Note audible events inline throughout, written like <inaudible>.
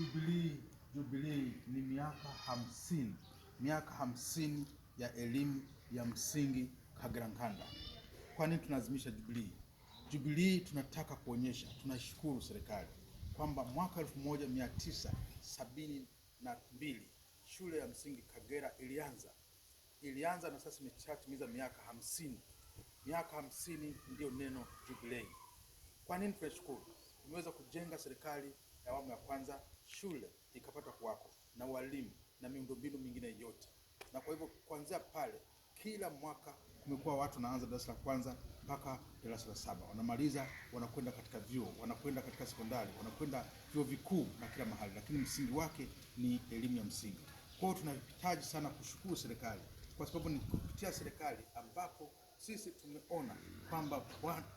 Jubilee, Jubilee ni miaka hamsini, miaka hamsini ya elimu ya msingi Kagera-Nkanda. Kwa nini tunaadhimisha Jubilee? Jubilee tunataka kuonyesha, tunashukuru serikali kwamba mwaka elfu moja mia tisa sabini na mbili shule ya msingi Kagera ilianza ilianza, na sasa imeshatimiza miaka hamsini. Miaka hamsini ndiyo neno Jubilee. Kwa nini tunashukuru? Tumeweza kujenga serikali awamu ya kwanza shule ikapata kuwako na walimu na miundombinu mingine yote, na kwa hivyo kuanzia pale kila mwaka kumekuwa watu wanaanza darasa la kwanza mpaka darasa la saba wanamaliza, wanakwenda katika vyuo, wanakwenda katika sekondari, wanakwenda vyuo vikuu na kila mahali, lakini msingi wake ni elimu ya msingi. Kwa hiyo tunahitaji sana kushukuru serikali, kwa sababu ni kupitia serikali ambapo sisi tumeona kwamba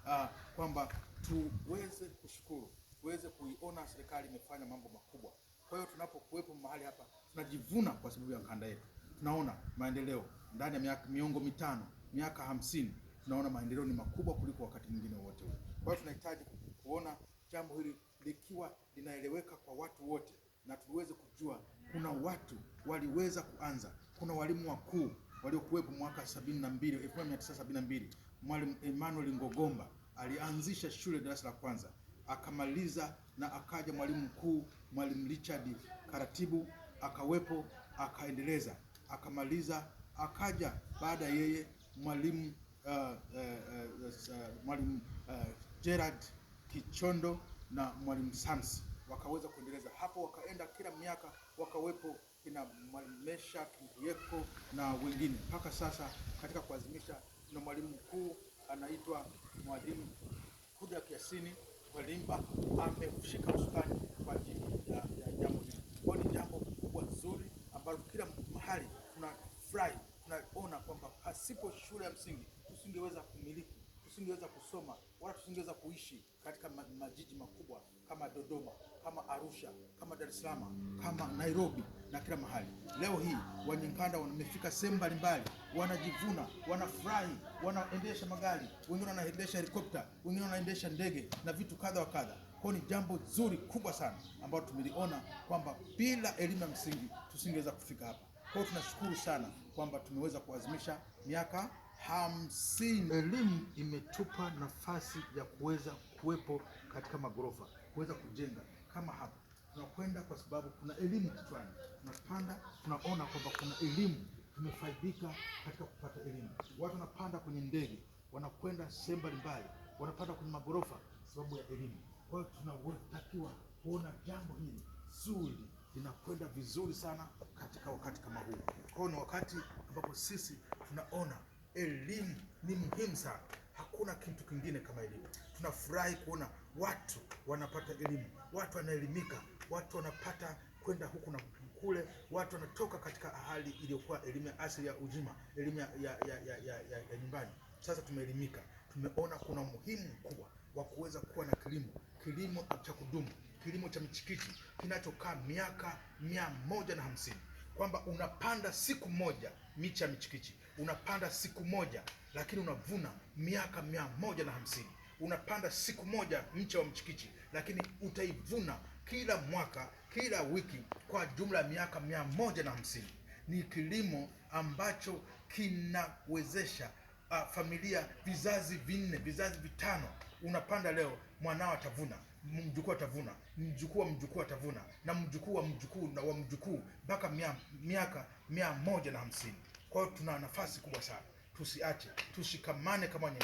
uh, kwamba tuweze kushukuru tuweze kuiona serikali imefanya mambo makubwa. Kwa hiyo tunapokuwepo mahali hapa tunajivuna kwa sababu ya kanda yetu, tunaona maendeleo ndani ya miaka miongo mitano, miaka hamsini, tunaona maendeleo ni makubwa kuliko wakati mwingine wote ule. Kwa hiyo tunahitaji kuona jambo hili likiwa linaeleweka kwa watu wote, na tuweze kujua kuna watu waliweza kuanza. Kuna walimu wakuu waliokuwepo mwaka sabini na mbili, elfu moja mia tisa sabini na mbili, Mwalimu Emmanuel Ngogomba alianzisha shule darasa la kwanza akamaliza na akaja mwalimu mkuu mwalimu Richard Karatibu, akawepo akaendeleza, akamaliza, akaja baada yeye mwalimu uh, uh, uh, uh, mwalimu uh, Gerard Kichondo na mwalimu Sams wakaweza kuendeleza hapo, wakaenda kila miaka, wakawepo kina mwalimu Mesha Kinguyeko na wengine mpaka sasa katika kuazimisha, Na mwalimu mkuu anaitwa mwalimu Kuda Kiasini. Welimba ameushika usukani kwa ajili ya jambo hili. Kwa ni jambo kubwa zuri ambalo kila mahali tunafurahi, tunaona kwamba pasipo shule ya msingi tusingeweza kumiliki tusingeweza kusoma wala tusingeweza kuishi katika majiji makubwa kama Dodoma, kama Arusha, kama Dar es Salaam, kama Nairobi na kila mahali. Leo hii Wanyankanda wamefika sehemu mbalimbali, wanajivuna, wanafurahi, wanaendesha magari, wengine wanaendesha helikopta, wengine wanaendesha ndege na vitu kadha wa kadha. Kwa ni jambo zuri kubwa sana ambalo tumeliona kwamba bila elimu ya msingi tusingeweza kufika hapa. Kwa hiyo tunashukuru sana kwamba tumeweza kuazimisha miaka hamsini. Elimu imetupa nafasi ya kuweza kuwepo katika magorofa, kuweza kujenga kama hapa tunakwenda kwa sababu kuna elimu kichwani, tunapanda tunaona kwamba kuna elimu, tumefaidika katika kupata elimu. Watu wanapanda kwenye ndege, wanakwenda sehemu mbalimbali, wanapanda kwenye magorofa sababu ya elimu. Kwa hiyo tunatakiwa kuona jambo hili zuri linakwenda vizuri sana katika wakati kama huu. Kwa hiyo ni wakati ambapo sisi tunaona elimu ni muhimu sana. Hakuna kitu kingine kama elimu. Tunafurahi kuona watu wanapata elimu, watu wanaelimika, watu wanapata kwenda huku na kule, watu wanatoka katika hali iliyokuwa elimu ya asili ya uzima, elimu ya, ya, ya, ya, ya, ya nyumbani. Sasa tumeelimika, tumeona kuna umuhimu mkubwa wa kuweza kuwa na kilimo, kilimo cha kudumu, kilimo cha michikichi kinachokaa miaka mia moja na hamsini, kwamba unapanda siku moja miche ya michikichi unapanda siku moja lakini unavuna miaka mia moja na hamsini. Unapanda siku moja mche wa mchikichi lakini utaivuna kila mwaka, kila wiki, kwa jumla ya miaka mia moja na hamsini. Ni kilimo ambacho kinawezesha uh, familia vizazi vinne, vizazi vitano. Unapanda leo, mwanao atavuna mjukuu atavuna, mjukuu wa mjukuu atavuna, na mjukuu wa mjukuu na wa mjukuu mpaka miaka mia moja na hamsini. Kwa hiyo tuna nafasi kubwa sana, tusiache, tushikamane kama wenye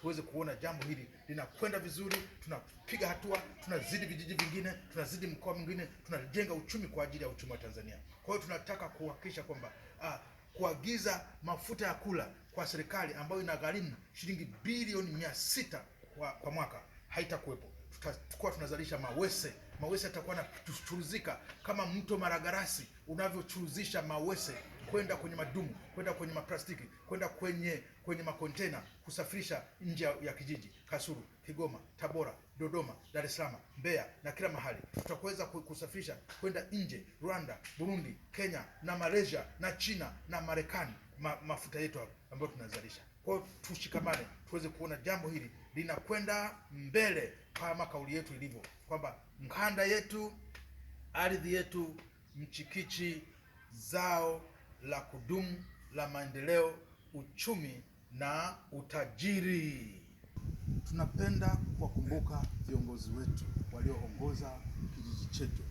tuweze kuona jambo hili linakwenda vizuri, tunapiga hatua, tunazidi vijiji vingine, tunazidi mkoa mwingine, tunajenga uchumi kwa ajili ya uchumi wa Tanzania. Kwa hiyo tunataka kuhakikisha kwamba uh, kuagiza mafuta ya kula kwa serikali ambayo inagharimu shilingi bilioni mia sita kwa, kwa mwaka haitakuwepo. Tutakuwa tunazalisha mawese. Mawese yatakuwa yanachuruzika kama mto Maragarasi unavyochuruzisha mawese kwenda kwenye madumu, kwenda kwenye maplastiki, kwenda kwenye kwenye makontena, kusafirisha nje ya kijiji, Kasulu, Kigoma, Tabora, Dodoma, Dar es Salaam, Mbeya na kila mahali. Tutaweza kusafirisha kwenda nje, Rwanda, Burundi, Kenya na Malaysia na China na Marekani, ma, mafuta yetu ambayo tunazalisha. Kwa hiyo tushikamane, tuweze kuona jambo hili linakwenda mbele kama kauli yetu ilivyo kwamba mkanda yetu, ardhi yetu, mchikichi, zao la kudumu la maendeleo, uchumi na utajiri. Tunapenda kuwakumbuka viongozi wetu walioongoza kijiji chetu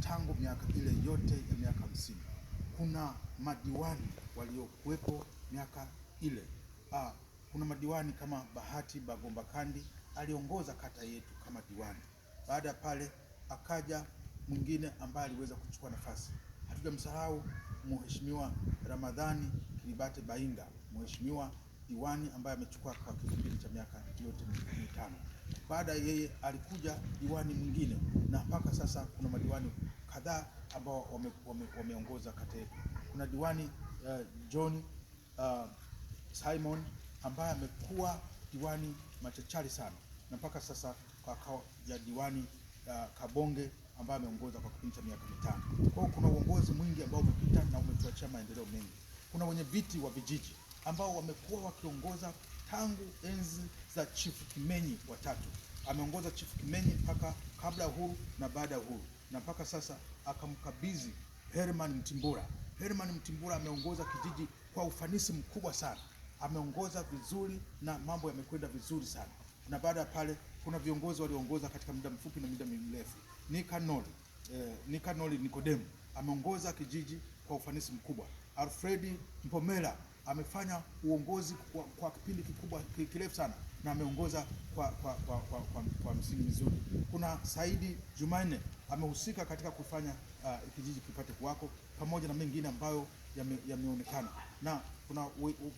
tangu miaka ile yote ya miaka hamsini. Kuna madiwani waliokuwepo miaka ile. Aa, kuna madiwani kama Bahati Bagomba Kandi aliongoza kata yetu kama diwani. Baada ya pale akaja mwingine ambaye aliweza kuchukua nafasi, hatujamsahau Mheshimiwa Ramadhani kiribate Bainda, Mheshimiwa diwani ambaye amechukua kwa kipindi cha miaka yote mitano. Baada yeye alikuja diwani mwingine, na mpaka sasa kuna madiwani kadhaa ambao wameongoza wame, wame kata yetu. Kuna diwani uh, John uh, Simon ambaye amekuwa diwani machachari sana na mpaka sasa kwa kao ya diwani uh, Kabonge ambaye ameongoza kwa kipindi cha miaka mitano. Kwa hiyo kuna uongozi mwingi ambao umepita na umetuachia maendeleo mengi. Kuna wenye viti wa vijiji ambao wamekuwa wakiongoza tangu enzi za Chifu Kimenyi wa tatu. Ameongoza Chifu Kimenyi mpaka kabla ya uhuru na baada ya uhuru na mpaka sasa akamkabidhi Herman Mtimbura. Herman Mtimbura ameongoza kijiji kwa ufanisi mkubwa sana, ameongoza vizuri na mambo yamekwenda vizuri sana, na baada ya pale kuna viongozi walioongoza katika muda mfupi na muda mrefu. Nikanori eh, Nikanori Nikodemu ameongoza kijiji kwa ufanisi mkubwa. Alfredi Mpomela amefanya uongozi kwa, kwa kipindi kikubwa kirefu sana na ameongoza kwa, kwa, kwa, kwa, kwa, kwa msingi mzuri. Kuna Saidi Jumanne amehusika katika kufanya uh, kijiji kipate kuwako pamoja na mengine ambayo yameonekana ya na kuna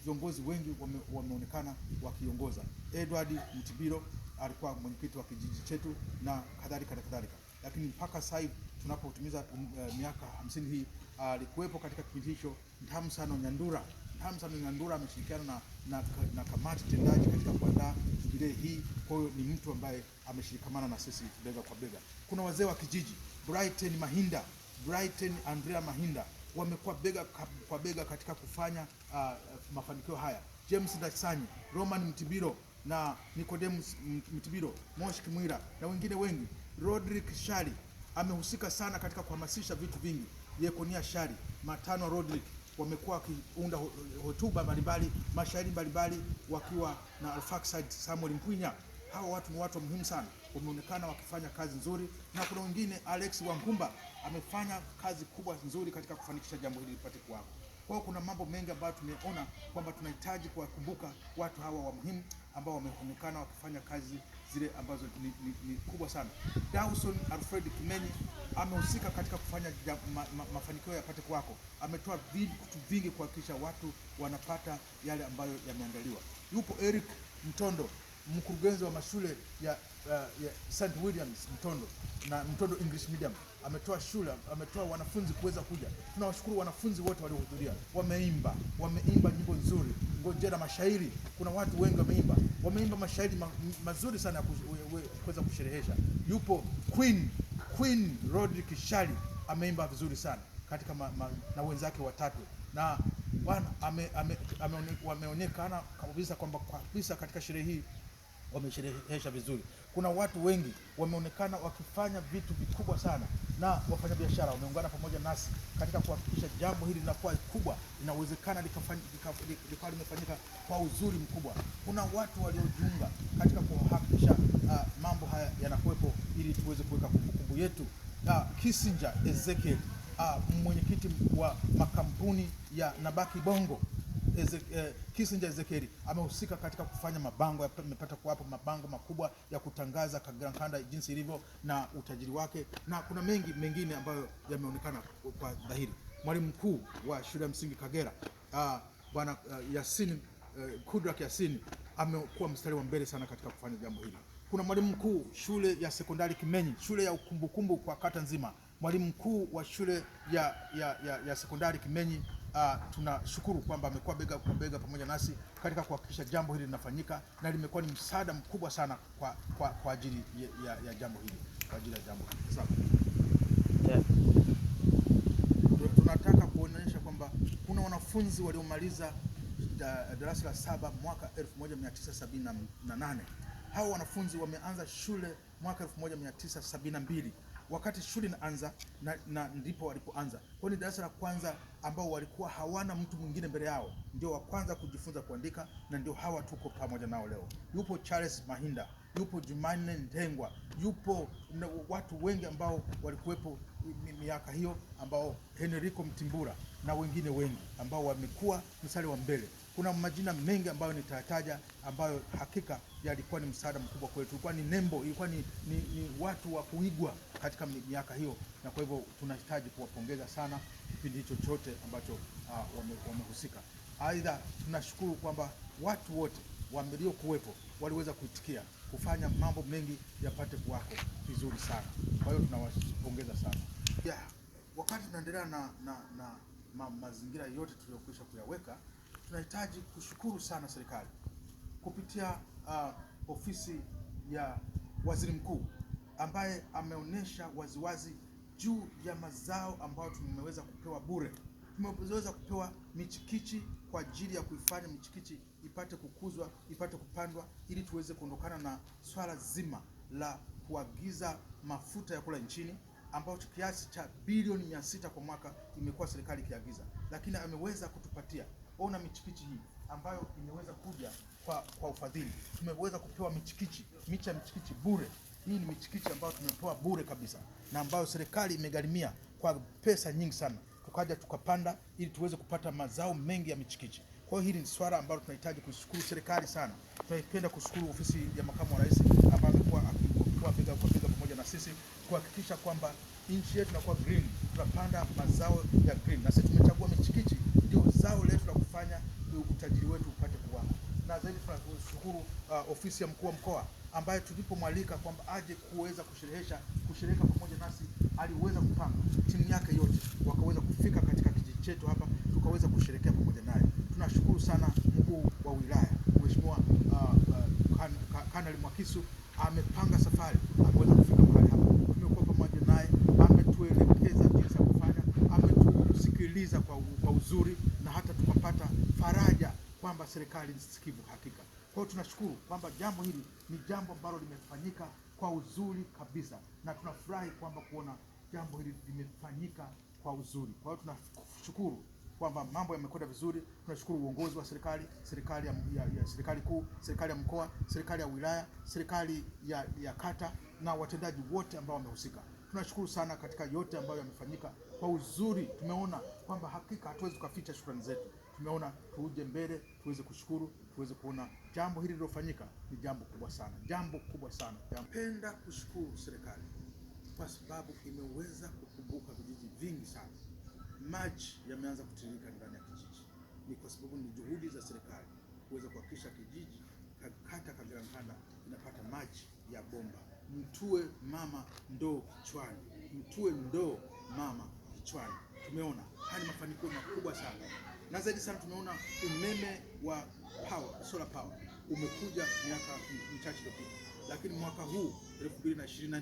viongozi wengi wame, wameonekana wakiongoza. Edward Mtibiro alikuwa mwenyekiti wa kijiji chetu na kadhalika na kadhalika, lakini mpaka sasa hivi tunapotimiza um, uh, miaka hamsini hii uh, alikuwepo uh, katika kipindi hicho Ntamusano Nyandura. Ntamusano Nyandura ameshirikiana na, na, na kamati tendaji katika kuandaa jubilei hii. Kwa hiyo ni mtu ambaye ameshirikamana na sisi bega kwa bega. Kuna wazee wa kijiji Brighton Mahinda, Brighton Andrea Mahinda wamekuwa bega kwa bega katika kufanya uh, mafanikio haya. James Dasanyi, Roman Mtibiro na Nicodemus Mtibiro, Moshi Kimwira na wengine wengi. Rodrick Shari amehusika sana katika kuhamasisha vitu vingi. Yekonia Shari, Matano Rodrick wamekuwa wakiunda hotuba mbalimbali, mashairi mbalimbali wakiwa na Alfaxide Samuel Mpwinya. Hawa watu ni watu muhimu sana, wameonekana wakifanya kazi nzuri, na kuna wengine Alex Wangumba amefanya kazi kubwa nzuri katika kufanikisha jambo hili lipate kuwako kwa hiyo kuna mambo mengi ambayo tumeona kwamba tunahitaji kuwakumbuka watu hawa wa muhimu ambao wameonekana wakifanya kazi zile ambazo ni, ni, ni kubwa sana. Dawson Alfred Kimenyi amehusika katika kufanya ma, ma, mafanikio yapate kwako. Ametoa vitu vingi kuhakikisha watu wanapata yale ambayo yameandaliwa. Yupo Eric Mtondo mkurugenzi wa mashule ya, ya, ya St Williams Mtondo na Mtondo English Medium ametoa shule, ametoa wanafunzi kuweza kuja. Tunawashukuru wanafunzi wote waliohudhuria, wameimba, wameimba nyimbo nzuri, ngojera mashairi. Kuna watu wengi wameimba, wameimba mashairi ma, mazuri sana ya kuweza kusherehesha. Yupo Queen Queen Rodrick Kishali ameimba vizuri sana katika ma, ma, na wenzake watatu na bwana ameonekana ame, ame, ame kabisa kwamba kabisa katika sherehe hii wamesherehesha vizuri. Kuna watu wengi wameonekana wakifanya vitu vikubwa sana, na wafanyabiashara wameungana pamoja nasi katika kuhakikisha jambo hili linakuwa kubwa, inawezekana likawa limefanyika kwa uzuri mkubwa. Kuna watu waliojiunga katika kuhakikisha uh, mambo haya yanakuwepo ili tuweze kuweka kumbukumbu yetu. Uh, Kissinger Ezekiel uh, mwenyekiti wa makampuni ya Nabaki Bongo Kissinger eh, Ezekieli amehusika katika kufanya mabango, amepata kuwapo mabango makubwa ya kutangaza kanda jinsi ilivyo na utajiri wake, na kuna mengi mengine ambayo yameonekana kwa dhahiri. Mwalimu mkuu wa shule ya msingi Kagera uh, bwana uh, Yasin uh, Kudrak Yasin amekuwa mstari wa mbele sana katika kufanya jambo hili. Kuna mwalimu mkuu shule ya sekondari Kimenyi, shule ya ukumbukumbu kwa kata nzima, mwalimu mkuu wa shule ya, ya, ya, ya sekondari Kimenyi Uh, tunashukuru kwamba amekuwa bega kwa bega pamoja nasi katika kuhakikisha jambo hili linafanyika na limekuwa ni msaada mkubwa sana kwa, kwa, kwa ajili ya, ya jambo hili kwa ajili ya jambo hili sawa. Yeah. Tunataka kuonyesha kwamba kuna wanafunzi waliomaliza darasa la saba mwaka 1978. Hao wanafunzi wameanza shule mwaka 1972 wakati shule inaanza na, na ndipo walipoanza. Kwa ni darasa la kwanza ambao walikuwa hawana mtu mwingine mbele yao, ndio wa kwanza kujifunza kuandika, na ndio hawa tuko pamoja nao leo. Yupo Charles Mahinda, yupo Jumanne Ndengwa, yupo na watu wengi ambao walikuwepo miaka hiyo, ambao Henrico Mtimbura na wengine wengi ambao wamekuwa mstari wa mbele. Kuna majina mengi ambayo nitataja ambayo hakika yalikuwa ni msaada mkubwa kwetu, ilikuwa ni nembo, ilikuwa ni, ni, ni watu wa kuigwa katika miaka hiyo, na kwa hivyo tunahitaji kuwapongeza sana kipindi hicho chote ambacho uh, wame, wamehusika. Aidha, tunashukuru kwamba watu wote waliokuwepo waliweza kuitikia kufanya mambo mengi yapate kuwako vizuri sana. Kwa hiyo tunawapongeza sana yeah. Wakati tunaendelea na, na, na ma, mazingira yote tuliyokwisha kuyaweka, tunahitaji kushukuru sana serikali kupitia uh, ofisi ya waziri mkuu ambaye ameonyesha waziwazi juu ya mazao ambayo tumeweza kupewa bure. Tumeweza kupewa michikichi kwa ajili ya kuifanya michikichi ipate kukuzwa, ipate kupandwa, ili tuweze kuondokana na swala zima la kuagiza mafuta ya kula nchini ambayo kiasi cha bilioni mia sita kwa mwaka imekuwa serikali ikiagiza, lakini ameweza kutupatia. Ona michikichi hii ambayo imeweza kuja kwa, kwa ufadhili. Tumeweza kupewa michikichi, miche ya michikichi bure. Hii ni michikichi ambayo tumetoa bure kabisa na ambayo serikali imegharimia kwa pesa nyingi sana, tukaja tukapanda ili tuweze kupata mazao mengi ya michikichi. Kwa hiyo hili ni swala ambalo tunahitaji kushukuru serikali sana. Tunaipenda kushukuru ofisi ya makamu wa rais ambayo amekuwa akikua bega kwa bega pamoja na sisi kuhakikisha kwamba nchi yetu inakuwa green, tunapanda mazao ya green, na sisi tumechagua michikichi ndio zao letu la kufanya utajiri wetu upate kuwa na zaidi. Tunashukuru uh, ofisi ya mkuu wa mkoa ambaye tulipomwalika kwamba aje kuweza kusherehesha kushereheka pamoja nasi, aliweza kupanga timu yake yote, wakaweza kufika katika kijiji chetu hapa, tukaweza kusherehekea pamoja naye. Tunashukuru sana mkuu wa wilaya Mheshimiwa uh, uh, kan, kan, Kanali Mwakisu amepanga safari, ameweza kufika mahali hapa, tumekuwa pamoja naye, ametuelekeza jinsi ya kufanya, ametusikiliza kwa, kwa uzuri na hata tukapata faraja kwamba serikali ni sikivu hakika. Kwa hiyo tunashukuru kwamba jambo hili ni jambo ambalo limefanyika kwa uzuri kabisa, na tunafurahi kwamba kuona jambo hili limefanyika kwa uzuri. Kwa hiyo tunashukuru kwamba mambo yamekwenda vizuri. Tunashukuru uongozi wa serikali, serikali ya, ya, ya serikali kuu, serikali ya mkoa, serikali ya wilaya, serikali ya, ya kata na watendaji wote ambao wamehusika. Tunashukuru sana katika yote ambayo yamefanyika kwa uzuri. Tumeona kwamba hakika hatuwezi kuficha shukrani zetu tumeona tuje mbele tuweze kushukuru, tuweze kuona jambo hili lilofanyika ni jambo kubwa sana, jambo kubwa sana. Napenda kushukuru serikali kwa sababu imeweza kukumbuka vijiji vingi sana, maji yameanza kutiririka ndani ya kijiji. Ni kwa sababu ni juhudi za serikali kuweza kuhakikisha kijiji, kata Kagerankanda inapata maji ya bomba. Mtue mama ndoo kichwani, mtue ndoo mama kichwani. Tumeona hali mafanikio makubwa sana na zaidi sana tumeona umeme wa power, solar power umekuja miaka michache iliyopita, lakini mwaka huu 2024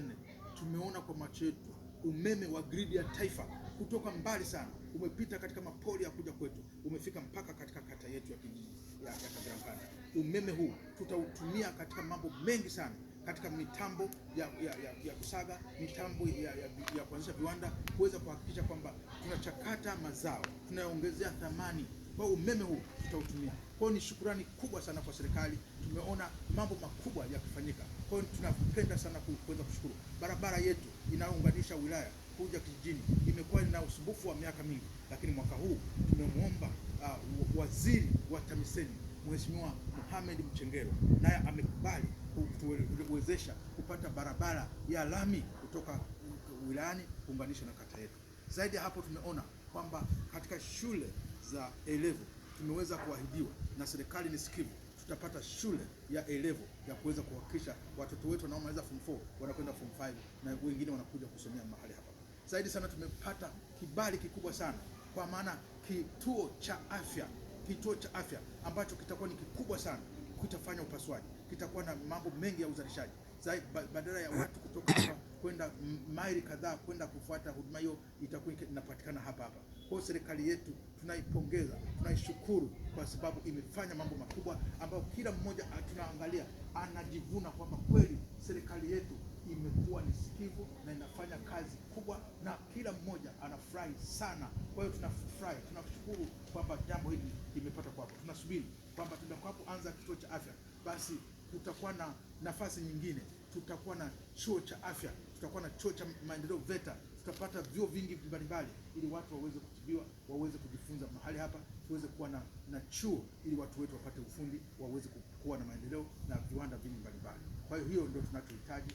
tumeona kwa macho yetu umeme wa gridi ya taifa kutoka mbali sana umepita katika mapori ya kuja kwetu, umefika mpaka katika kata yetu ya kijiji ya Kagera Umeme huu tutautumia katika mambo mengi sana katika mitambo ya, ya, ya, ya kusaga, mitambo ya, ya, ya kuanzisha viwanda, kuweza kuhakikisha kwamba tunachakata mazao, tunaongezea thamani kwa umeme huu tutautumia. Kwa hiyo ni shukurani kubwa sana kwa serikali, tumeona mambo makubwa yakifanyika. Kwa hiyo tunapenda sana kuweza kushukuru. Barabara yetu inayounganisha wilaya kuja kijijini imekuwa na usumbufu wa miaka mingi, lakini mwaka huu tumemwomba uh, waziri wa TAMISEMI Mheshimiwa Mohamed Mchengero naye amekubali kutuwezesha kupata barabara ya lami kutoka wilayani kuunganisha na kata yetu. Zaidi ya hapo, tumeona kwamba katika shule za elevu tumeweza kuahidiwa na serikali ni sikivu, tutapata shule ya elevu ya kuweza kuhakikisha watoto wetu wanaomaliza form 4 wanakwenda form 5 na wengine wanakuja kusomea mahali hapa. Zaidi sana tumepata kibali kikubwa sana kwa maana kituo cha afya, kituo cha afya ambacho kitakuwa ni kikubwa sana, kitafanya upasuaji kitakuwa na mambo mengi ya uzalishaji badala ya watu <coughs> kutoka hapa kwenda maili kadhaa kwenda kufuata huduma hiyo, itakuwa inapatikana hapa hapa. Kwa hiyo serikali yetu tunaipongeza, tunaishukuru kwa sababu imefanya mambo makubwa ambayo kila mmoja ah, tunaangalia anajivuna kwamba kweli serikali yetu imekuwa ni sikivu na inafanya kazi kubwa na kila mmoja anafurahi sana. Kwa hiyo tunafurahi, tunashukuru kwamba jambo hili limepata kwako. Tunasubiri kwamba tutakapoanza kituo cha afya basi tutakuwa na nafasi nyingine, tutakuwa na chuo cha afya, tutakuwa na chuo cha maendeleo VETA, tutapata vyuo vingi mbalimbali, ili watu waweze kutibiwa, waweze kujifunza mahali hapa, tuweze kuwa na, na chuo ili watu wetu wapate ufundi, waweze kuwa na maendeleo na viwanda vingi mbalimbali. Kwa hiyo hiyo ndio tunachohitaji.